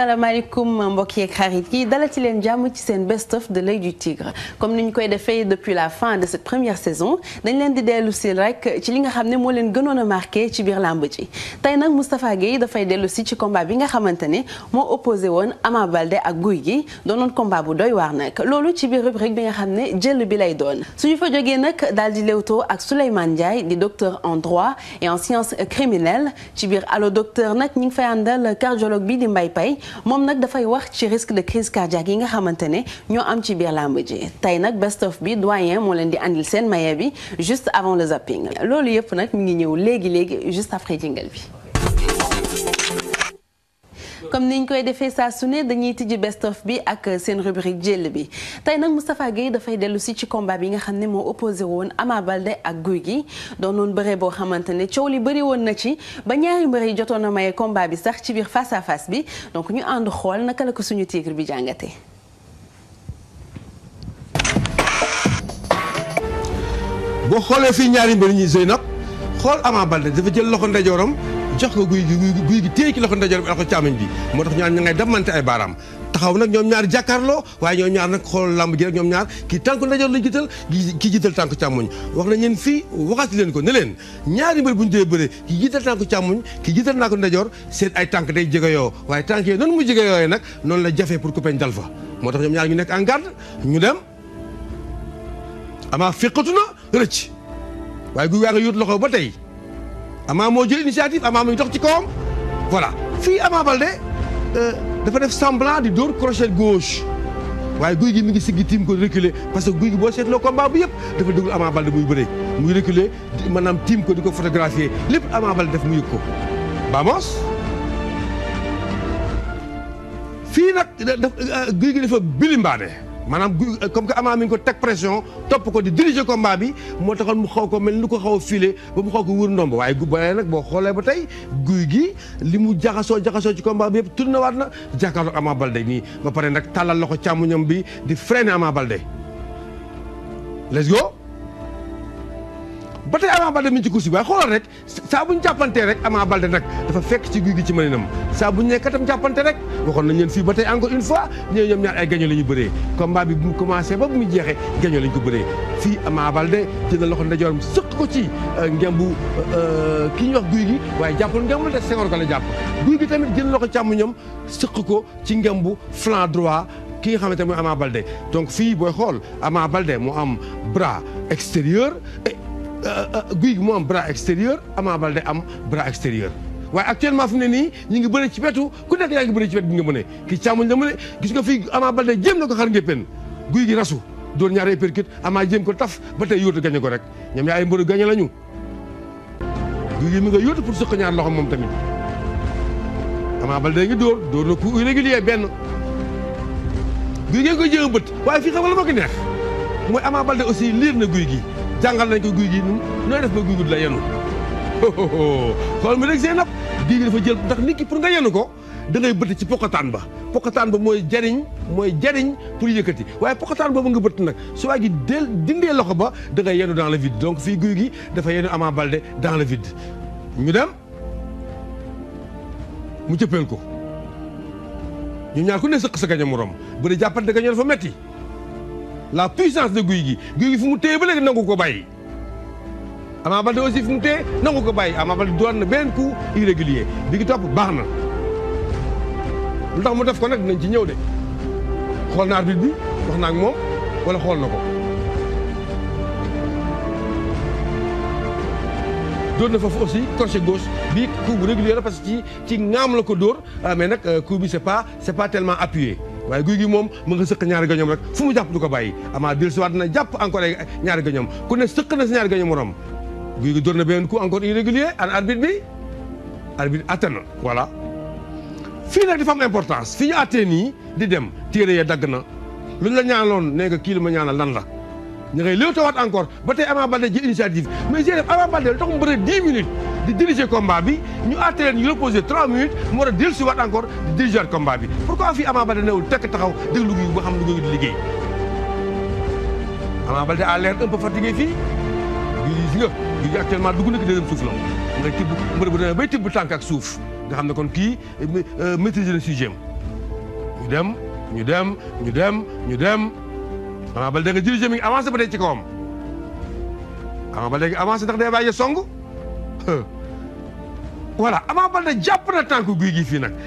salaamaaleykum mbokk yeeg xarit yi dalati leen jàmm ci seen best of de l'œil du tigre comme ni ñu koy defee depuis la fin de cette première saison dañ leen di dellu si rek ci li nga xam ne moo leen gënoon a marqué ci biir làmb ji tey nag Moustapha Guèye dafay dellu ci combat bi nga xamante ne moo opposé woon Ama Baldé ak Gouye gi doonoon combat bu doy waar nag loolu ci biir rubrique bi nga xam ne jël bi lay doon suñu fa jógee nag daal di léewtoo ak Souleymane Ndiaye di docteur en droit et en sciences criminelles ci biir alo docteur nag ñi ngi fay àndal cardiologue bi di Mbaye Paye moom nag dafay wax ci risque de crise cardiaque yi nga xamante ne ñoo am ci biir làmb ji tey nag best of bi doyen moo leen di andil seen maye bi juste avant le zapping loolu yëpp nag mi ngi ñëw léegi léegi juste après jingle bi comme ñu koy defee saa su ne dañuy tijji best bi ak seen rubrique jël bi tey nag Moustapha Guèye dafay dellu ci combat bi nga xam ne moo opposé woon Ama Baldé ak gi Gui doonoon bëre boo xamante ne coow li bari woon na ci ba ñaari mbër yi jotoon a maye combat bi sax ci biir face bi donc ñu ànd xool naka la ko suñu tigre bi jàngate boo xoolee fii ñaari mbër ñi sëy nag xool Ama Baldé dafa jël loxo ndeyjooram jox ko guy guy gi téye ci loxo ndajoor bi al ko càmmoñ bi moo tax ñaar ña ngay damante ay baaraam taxaw nag ñoom ñaar jàkkaarloo waaye ñoom ñaar nag xool làmb ji rek ñoom ñaar kii tànk ndajoor la jiital kii jiital tànk càmmoñ wax nañ leen fii waxati leen ko ne leen ñaari mbir bu ñu dee bëre kii kii jiital naa ko ndajoor seen ay tànk day jegeyoo waaye tànk yooyu noonu mu jegeyoo nag noonu la jafee pour coupeñ dal fa moo tax ñoom ñaar ñu nekk en garde ñu dem ama féqatu na rëcc waaye guy waa nga yóot loxo ba tey Ama moo jël initiative Ama muy dox ci kawam voilà fii Ama Baldé euh, dafa def semblant di dóor crochet gauche waaye guy gi mu ngi siggi tiim ko réculer parce que guy gi boo seetloo combat bu yëpp dafa déglu Ama Baldé muy bëree muy réculer maanaam tiim ko di ko photographier lépp Ama Baldé def mu yëg ko vamos fii nag euh, guy gi dafa bilimbaane maanaam euh, comme que Ama mi ngi ko teg pression topp ko di diriger combat bi moo taxoon mu xaw ko mel ni ko xaw a filé ba mu xaw ko wër ndomb waaye gubalee nag boo xoolee ba tey guy gi li mu jaxasoo jaxasoo ci combat bi yëpp tourné waat na jàkkaarloog Ama Baldé nii ba pare nag tàllal loxo càmmuñam bi di freiné Ama Baldé let's go ba tey Ama Balde mi ci course bi waaye xoolal rek saa bu ñu jàppantee rek Ama Balde nag dafa fekk ci guy gi ci mëninam saa bu ñu nee katam jàppante rek waxoon nañ leen fii ba tey encore une fois ñooñu ñoom ñaar ay la ñu bëree combat bi mu commencé ba bu mu jeexee lañ ko bëree fii Ama Balde jël na loxo ndeyjooram sëq ko ci euh, ngembu euh, euh, ki ñuy wax guy gi waaye jàppul ngembul de Senghor ko la jàpp guy gi tamit jël loxo càmmoñam sëq ko ci ngembu flanc droit ki nga xamante mooy Ama Balde donc fii booy xool Ama Balde moo am bras extérieur Euh, euh, guy gi mu am bras extérieur Ama Baldé am bras extérieur waaye actuellement fu mu ne nii ñu ngi bëre ci wetu ku nekk yaa ngi bëre ci wet gi nga mëne kii càmmoñ la mëne gis nga fii Ama Baldé jéem na ko xar ngéppeen guy gi rasu doon ñaari percute Ama jéem ko taf ba tey yóotu gañe ko rek ñoom yaa ay mbëru gañe lañu guy gi mi nga yóotu pour sëq ñaar loxo moom tamit Ama Baldé ngi dóor dóor na coup irrégulier benn guy gi nga koy jéem a bët waaye fii xam nga la ma neex Ama Baldé aussi liir na guy gi jàngal nañ ko guy gi nu nooy def ba guy gi la yenu xool mi rek Zeynab guy gi dafa jël ndax nit ki pour nga yenu ko da ngay bëtt ci pokataan ba pokataan ba mooy jariñ mooy jariñ pour yëkkati waaye pokataan boobu nga bëtt nag su waa gi dindee loxo ba da ngay yenu dans le vide donc fii guy gi dafa yenu Ama Baldé dans le vide ñu dem mu cëppeel ko ñu ñaar ku ne sëq sa gaño morom bëri jàppante gaño dafa metti la puissance de guy gi guy gi fu mu téye ba léegi nangu ko bàyyi Ama Baldé aussi fu mu téye nangu ko bàyyi Ama Baldé doon na benn coup irrégulier bi gi topp baax na lu mu def ko nag dinañ ci ñëw de xool na arbitre bi wax na ak moom wala xool na ko doon na foofu aussi crochet gauche bii coup bu régulier la parce que ci ci ŋaam la ko dóor ah, mais nag euh, coup bi c'est pas c'est tellement appuyé waaye guy gi moom mu nga sëq ñaar gañoom rek fu mu jàpp du ko bàyyi ama dil si waat na jàpp encore ay ñaari gañoom ku ne sëq na si ñaari gañoom guy gi dóor na beneen coup encore irrégulier an arbitre bi arbitre atte na voilà fii nag dafa am importance fi ñu attee nii di dem téere ya dagg na lu luñ la ñaanaloon nee nga kii li ma ñaanal lan la ñu ngay léew tawaat encore ba tey Ama Baldé ji initiative mais jé def Ama Baldé lu tax mu bëre 10 minutes di diriger combat bi ñu àtte leen ñu reposer trois minutes mu war a dellusiwaat encore di diriger combat bi pourquoi fii Ama Baldé newul tekk taxaw déglu gi ba xam lu ngi di liggéey Ama Baldé a l'air un peu fatigué fii gi si nga gi actuellement dugg na ki deuxième souffle la nga tibb mbër bu demee bay tibb tànk ak suuf nga xam ne kon kii euh, maîtriser le sujet ñu dem ñu dem ñu dem ñu dem Ama Baldé nga diriger mi ngi avancé ba de ci kawam Ama Baldé nga avancé ndax day bàyyi song voilà Ama Baldé jàpp na tànk Gouye Gui fii nag.